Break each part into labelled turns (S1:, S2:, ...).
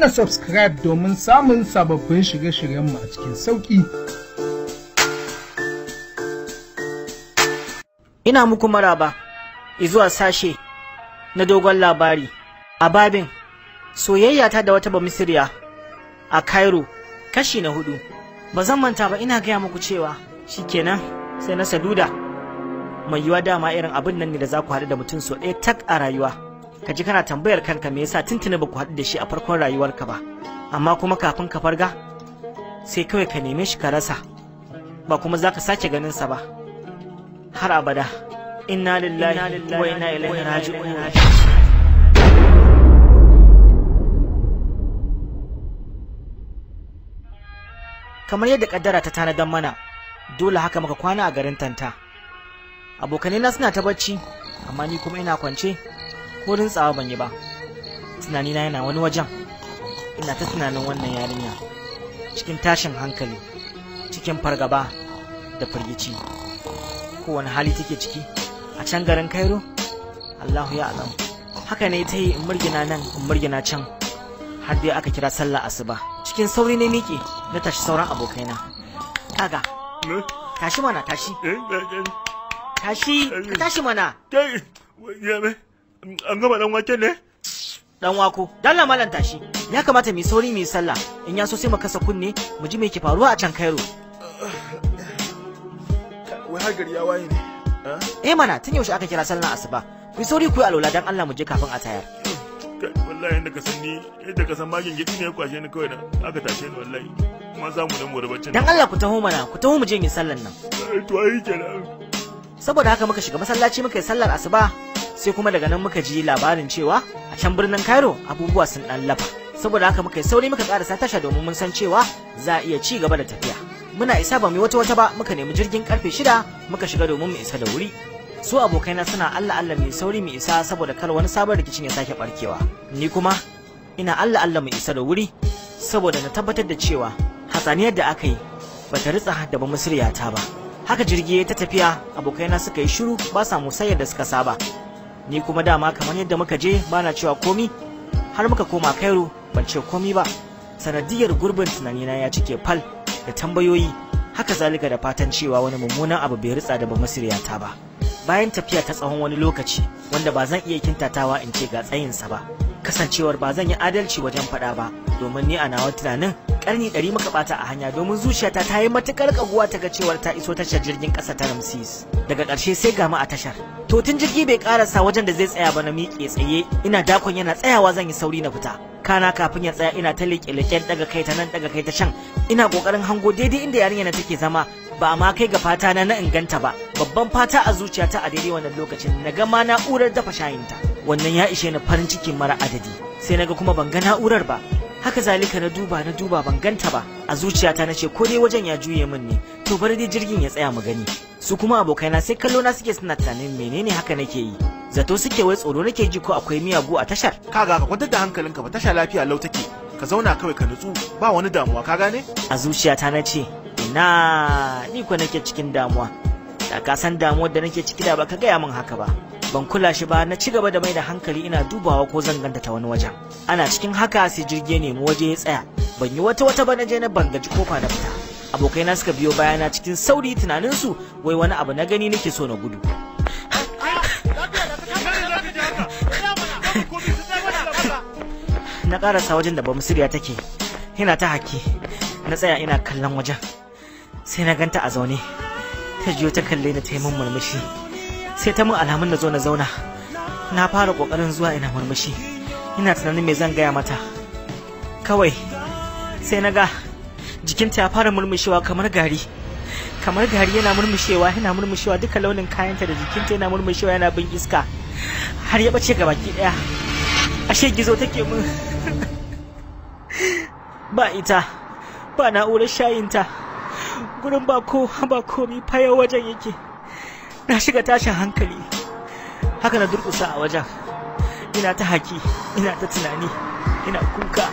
S1: danna subscribe domin samun sababbin shirye-shiryenmu a cikin sauƙi. Ina muku maraba, izuwa sashe na dogon labari, a babin soyayya ta da wata bamisiriya a Cairo kashi na hudu. Ba zan manta ba ina gaya muku cewa shikenan sai na saduda mai yiwa dama irin abin nan ne da za ku haɗu da mutum so ɗaya tak a rayuwa. ka ji kana tambayar kanka me yasa tuntuni ba ku haɗu da shi a farkon rayuwarka ba amma kuma kafin ka farga sai kawai ka neme shi ka rasa ba kuma za ka sake ganin sa ba har abada inna lillahi wa inna ilaihi raji'un kamar yadda kaddara ta tanadan mana dole haka muka kwana a garin tanta abokanai na suna ta bacci amma ni kuma ina kwance ko tsawa ban yi ba tunanina yana wani wajen ina ta tunanin wannan yarinya cikin tashin hankali cikin fargaba da firgici wani hali take ciki a can garin kairo allahu ya alam haka ne ta yi in murgina nan in murgina can har dai aka kira sallah asuba cikin sauri ne miƙe na tashi sauran abokaina kaga tashi mana tashi eh, eh, eh. tashi ka tashi mana An gama dan wake ne? Dan wako, dalla malam tashi. Ya kamata mu sauri mu sallah. In ya so sai mu kasa kunne mu ji me ke faruwa a can Cairo. Wai har gari ya waye ne. Eh mana tun yaushe aka kira sallar asuba. Ku sauri ku alola dan Allah mu je kafin a tayar. Wallahi inda ka san inda ka san magin gidi ne ya kwashe ni kawai da aka tashe ni wallahi. Kuma za mu dan gobe Dan Allah ku taho mana, ku taho mu je yin sallar nan. To ai kenan. Saboda haka muka shiga masallaci muka yi sallar asuba sai kuma daga nan muka ji labarin cewa a can birnin Cairo abubuwa sun dan lafa saboda haka muka yi sauri muka karasa tasha domin mun san cewa za a iya ci gaba da tafiya muna isa ba mu wata wata ba muka nemi jirgin karfe shida muka shiga domin mu isa da wuri su abokaina suna Allah Allah mai sauri mu isa saboda kar wani sabon rikicin ya sake barkewa ni kuma ina Allah Allah mu isa da wuri saboda na tabbatar da cewa hatsaniyar da aka yi bata ritsa da ba ta ba haka jirgi ya ta tafiya abokaina suka yi shiru ba sa musayar da suka saba ni kuma dama kamar yadda muka je bana cewa komi har muka koma Cairo ban ce komi ba sanadiyar gurbin tunani na ya cike fal da tambayoyi haka zalika da fatan cewa wani mummunan abu bai ritsa da ba ta ba bayan tafiya ta tsawon wani lokaci wanda ba zan iya kintatawa in ce ga tsayinsa ba kasancewar ba zan yi adalci wajen faɗa ba domin ni a nawa tunanin karni ɗari muka bata a hanya domin zuciyata ta yi matukar kaguwa ta ga cewar ta iso tashar jirgin ƙasa ta Ramses daga ƙarshe sai gama a tashar to tun jirgi bai karasa wajen da zai tsaya ba na miƙe tsaye ina dakon yana tsayawa zan yi sauri na fita kana kafin ya tsaya ina ta leƙe-leƙen daga kai ta nan daga kai ta can ina ƙoƙarin hango daidai inda yarinya na take zama ba ma kai ga fata na na inganta ba babban fata a zuciyata a daidai wannan lokacin na ga ma na'urar dafa shayinta wannan ya ishe ni farin ciki mara adadi sai naga kuma ban ga na'urar ba haka zalika na duba na duba ban ganta ba a zuciyata nace ko dai wajen ya juye min ne to bari dai jirgin ya tsaya mu gani su kuma abokaina sai kallo na suke suna tunanin menene haka nake yi zato suke wai tsoro nake ji ko akwai miyagu a tashar kaga ka kwantar da hankalinka ba tasha lafiya lau take ka zauna kawai ka nutsu ba wani damuwa ka gane a zuciyata na ni ko nake cikin damuwa da ka san damuwar da nake ciki da ba ka gaya min haka ba ban kula shi ba na ci gaba da mai da hankali ina dubawa ko zan ganta ta wani wajen ana cikin haka sai jirgi mu waje ya tsaya ban yi wata wata ba na je na bangaji kofa da fita abokai na suka biyo bayana cikin sauri tunanin su wai wani abu na gani nake so na gudu na karasa wajen da musirya take ina ta haki na tsaya ina kallon wajen sai na ganta a zaune ta jiyo ta kalle na ta murmushi sai ta min alamun na zo na zauna na fara kokarin zuwa ina murmushi ina tunanin me zan gaya mata kawai sai na ga jikinta ya fara murmushewa kamar gari kamar gari yana murmushewa yana murmushewa duka launin kayanta da jikinta yana murmushewa yana bin iska har ya bace ki daya ashe gizo take mun ba ita ba na'urar shayinta gurin ba ko ba komi fayar wajen yake na shiga tashin hankali haka na durƙusa a wajen ina ta haki ina ta tunani ina kuka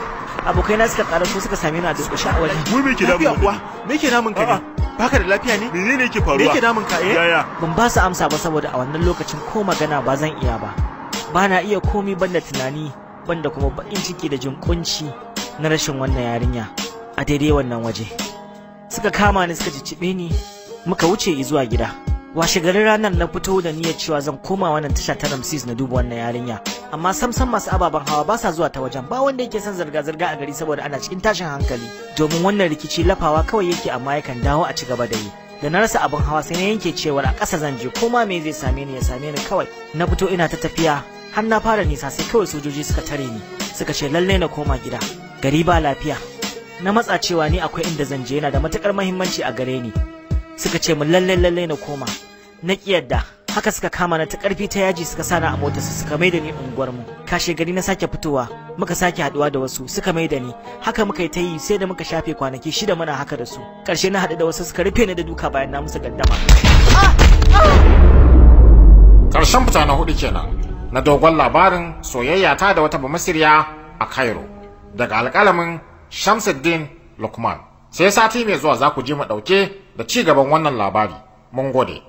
S1: abokai na suka karaso suka same ni a durƙushe a wajen mu me ke damun ka me ke damun ka ne baka da lafiya ne menene yake faruwa me yake damun ka eh yaya ban ba su amsa ba saboda a wannan lokacin ko magana ba zan iya ba ba na iya komi banda tunani banda kuma bakin ciki da jin kunci na rashin wannan yarinya a daidai wannan waje suka kama ni suka cicibe ni muka wuce zuwa gida washe garin ranar na fito da niyyar cewa zan koma wannan tasha ta Ramses na duba wannan yarinya amma samsam masu ababen hawa ba sa zuwa ta wajen ba wanda yake son zirga-zirga a gari saboda ana cikin tashin hankali domin wannan rikici lafawa kawai yake amma yakan dawo a ci gaba da yi da na rasa abin hawa sai na yanke cewar a ƙasa zan je koma me zai same ni ya same ni kawai na fito ina ta tafiya har na fara nisa sai kawai sojoji suka tare ni suka ce lalle na koma gida gari ba lafiya na matsa cewa ni akwai inda zan je yana da matukar muhimmanci a gare ni suka ce min lalle lalle na koma na kiyarda haka suka kama na ta karfi ta yaji suka sa na a motar su suka maida ni unguwar mu kashe gari na sake fitowa muka sake haduwa da wasu suka maida ni haka muka yi ta yi sai da muka shafe kwanaki shida muna haka da su karshe na hadu da wasu suka rufe ni da duka bayan na musu gaddama karshen fita na hudu kenan na dogon labarin soyayya ta da wata bamasirya a Cairo daga alƙalamin Shamsuddin Lukman. sai sati mai zuwa za ku ji mu ɗauke da ci gaban wannan labari mun gode